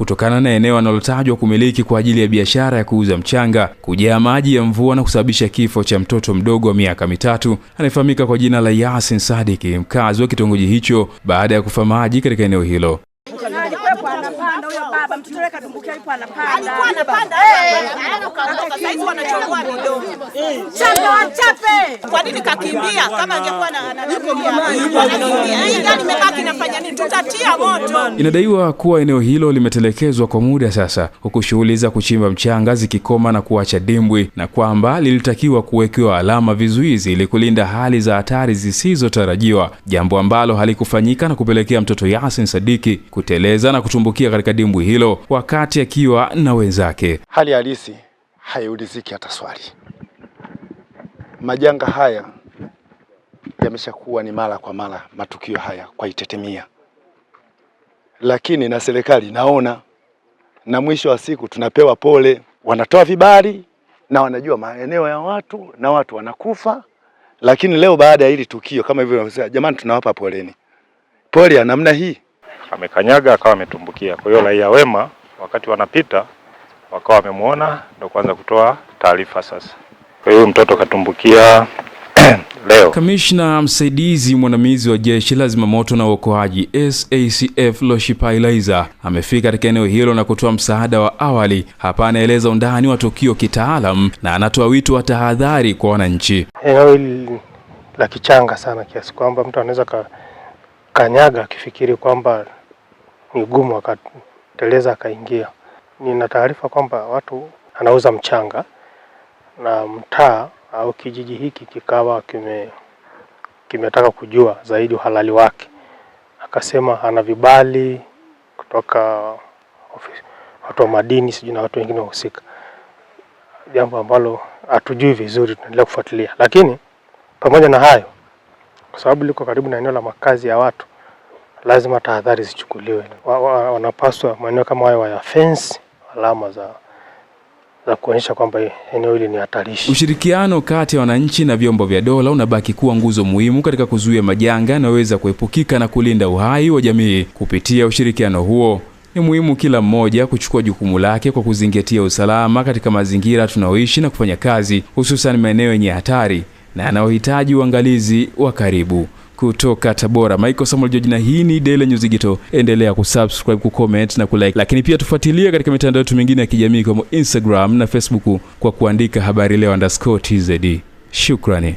kutokana na eneo analotajwa kumiliki kwa ajili ya biashara ya kuuza mchanga kujaa maji ya mvua na kusababisha kifo cha mtoto mdogo wa miaka mitatu anayefahamika kwa jina la Yasin Sadiki, mkazi wa kitongoji hicho, baada ya kufa maji katika eneo hilo nikakimbia. Kama angekuwa na yaani, yaani, yaani, nini? Tutatia moto. Inadaiwa kuwa eneo hilo limetelekezwa kwa muda sasa, huku shughuli za kuchimba mchanga zikikoma na kuacha dimbwi, na kwamba lilitakiwa kuwekewa alama vizuizi ili kulinda hali za hatari zisizotarajiwa, jambo ambalo halikufanyika na kupelekea mtoto Yasin Sadiki kuteleza na kutumbukia katika dimbwi hilo wakati akiwa na wenzake. Hali halisi haiuliziki hata swali. Majanga haya yameshakuwa ni mara kwa mara matukio haya kwa Itetemia, lakini na serikali naona, na mwisho wa siku tunapewa pole. Wanatoa vibali na wanajua maeneo ya watu na watu wanakufa, lakini leo baada ya hili tukio kama hivyo wanasema, jamani, tunawapa poleni, pole ya namna hii. Amekanyaga akawa ametumbukia. Kwa hiyo raia wema wakati wanapita wakawa wamemwona, ndio kwanza kutoa taarifa sasa. Kwa hiyo mtoto katumbukia leo. Kamishna msaidizi mwandamizi wa jeshi la zimamoto na uokoaji SACF Loshipa amefika katika eneo hilo na kutoa msaada wa awali. Hapa anaeleza undani wa tukio kitaalam na anatoa wito wa tahadhari kwa wananchi. Eneo hili la kichanga sana kiasi kwamba mtu anaweza ka, kanyaga akifikiri kwamba ni gumu akateleza akaingia. Nina taarifa kwamba watu anauza mchanga na mtaa au kijiji hiki kikawa kime kimetaka kujua zaidi uhalali wake, akasema ana vibali kutoka ofisi, watu wa madini sijui na watu wengine wahusika, jambo ambalo hatujui vizuri, tunaendelea kufuatilia. Lakini pamoja na hayo, kwa sababu liko karibu na eneo la makazi ya watu, lazima tahadhari zichukuliwe. Wanapaswa maeneo kama hayo waya fence alama za za kuonyesha kwamba eneo hili ni hatarishi. Ushirikiano kati ya wananchi na vyombo vya dola unabaki kuwa nguzo muhimu katika kuzuia majanga yanayoweza kuepukika na kulinda uhai wa jamii. Kupitia ushirikiano huo, ni muhimu kila mmoja kuchukua jukumu lake kwa kuzingatia usalama katika mazingira tunayoishi na kufanya kazi, hususan maeneo yenye hatari na yanayohitaji uangalizi wa karibu kutoka Tabora, Michael Samuel George, na hii ni Daily News Digital. Endelea kusubscribe, kucomment na kulike, lakini pia tufuatilie katika mitandao yetu mingine ya kijamii kama Instagram na Facebook kwa kuandika habari leo underscore tzd Shukrani.